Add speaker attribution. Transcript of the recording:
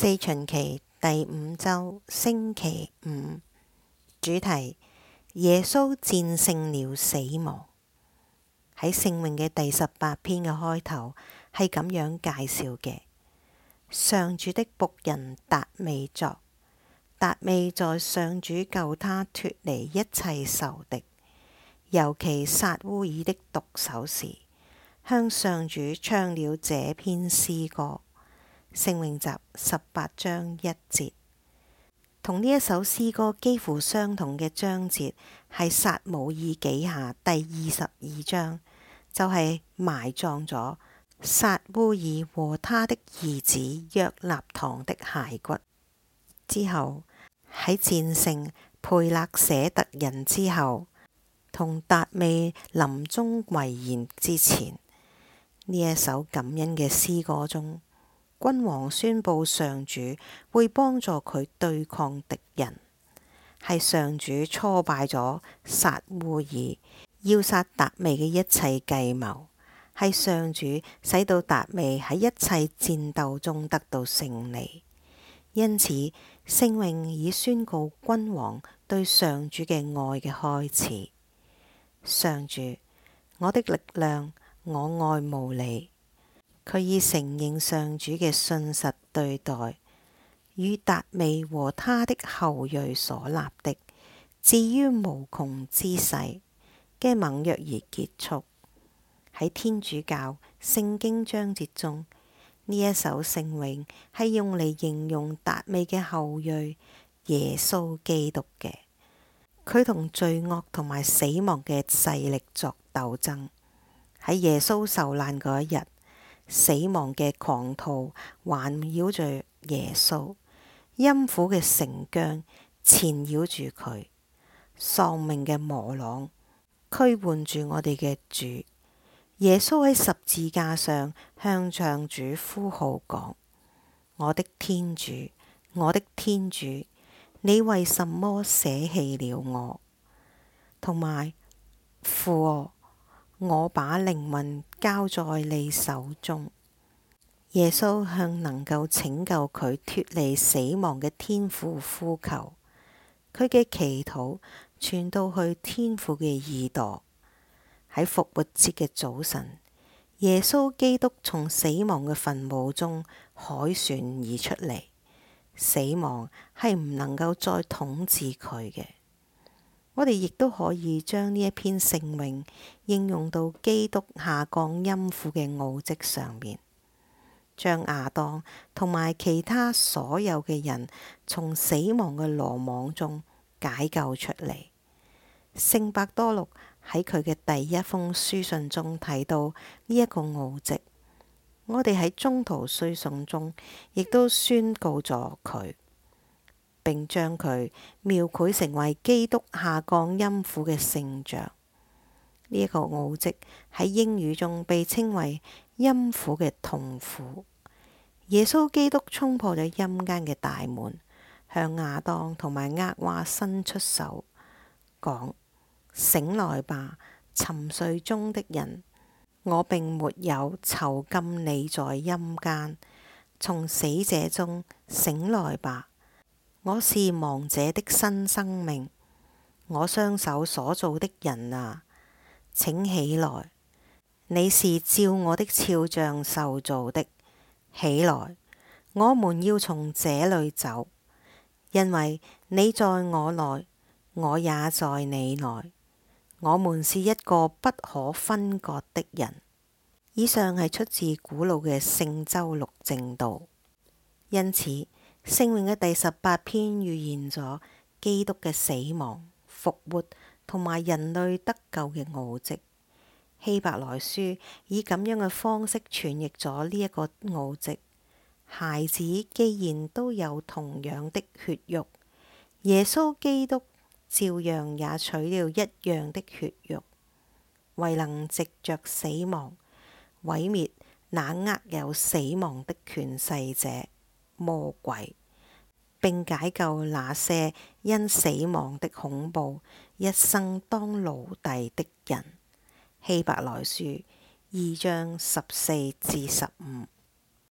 Speaker 1: 四旬期第五周星期五主題：耶穌戰勝了死亡。喺聖詠嘅第十八篇嘅開頭係咁樣介紹嘅：上主的僕人達味作，達味在上主救他脫離一切仇敵，尤其撒烏耳的毒手時，向上主唱了這篇詩歌。《聖詠集》十八章一節，同呢一首詩歌幾乎相同嘅章節係撒慕爾記下第二十二章，就係、是、埋葬咗撒烏耳和他的兒子約納堂的骸骨之後，喺戰勝培肋捨特人之後，同達味臨終遺言之前，呢一首感恩嘅詩歌中。君王宣佈，上主會幫助佢對抗敵人。係上主挫敗咗撒烏耳要殺達味嘅一切計謀。係上主使到達味喺一切戰鬥中得到勝利。因此，聖詠以宣告君王對上主嘅愛嘅開始。上主，我的力量，我愛慕你。佢以承認上主嘅信實對待，與達味和他的後裔所立的，至於無窮之世，嘅盟約而結束。喺天主教聖經章節中，呢一首聖詠係用嚟形容達味嘅後裔耶穌基督嘅。佢同罪惡同埋死亡嘅勢力作鬥爭。喺耶穌受難嗰一日，死亡嘅狂濤環繞着耶穌，陰府嘅繩繮纏繞住佢，喪命嘅羅網拘絆住我哋嘅主。耶穌喺十字架上向上主呼號講：「我的天主，我的天主，你為什麼捨棄了我？同埋父啊？”我把靈魂交在你手中，耶穌向能夠拯救佢脫離死亡嘅天父呼求，佢嘅祈禱傳到去天父嘅耳朵。喺復活節嘅早晨，耶穌基督從死亡嘅墳墓中凱旋而出嚟，死亡係唔能夠再統治佢嘅。我哋亦都可以將呢一篇聖詠應用到基督下降陰府嘅奧跡上面，將亞當同埋其他所有嘅人從死亡嘅羅網中解救出嚟。聖伯多祿喺佢嘅第一封書信中睇到呢一個奧跡，我哋喺宗徒信經中亦都宣告咗佢。並將佢描繪成為基督下降陰府嘅聖像，呢、這、一個奧跡喺英語中被稱為陰府嘅痛苦。耶穌基督衝破咗陰間嘅大門，向亞當同埋厄娃伸出手，講：醒來吧，沉睡中的人！我並沒有囚禁你在陰間，從死者中醒來吧！我是亡者的新生命，我雙手所造的人啊，請起來！你是照我的肖像受造的，起來！我們要從這裏走，因為你在我內，我也在你內，我們是一個不可分割的人。以上係出自古老嘅聖周六證道，因此。聖詠嘅第十八篇預言咗基督嘅死亡、復活同埋人類得救嘅奧跡。希伯來書以咁樣嘅方式傳譯咗呢一個奧跡。孩子既然都有同樣的血肉，耶穌基督照樣也取了一樣的血肉，為能藉着死亡，毀滅那握有死亡的權勢者。魔鬼，並解救那些因死亡的恐怖，一生當奴隸的人。希伯來書二章十四至十五。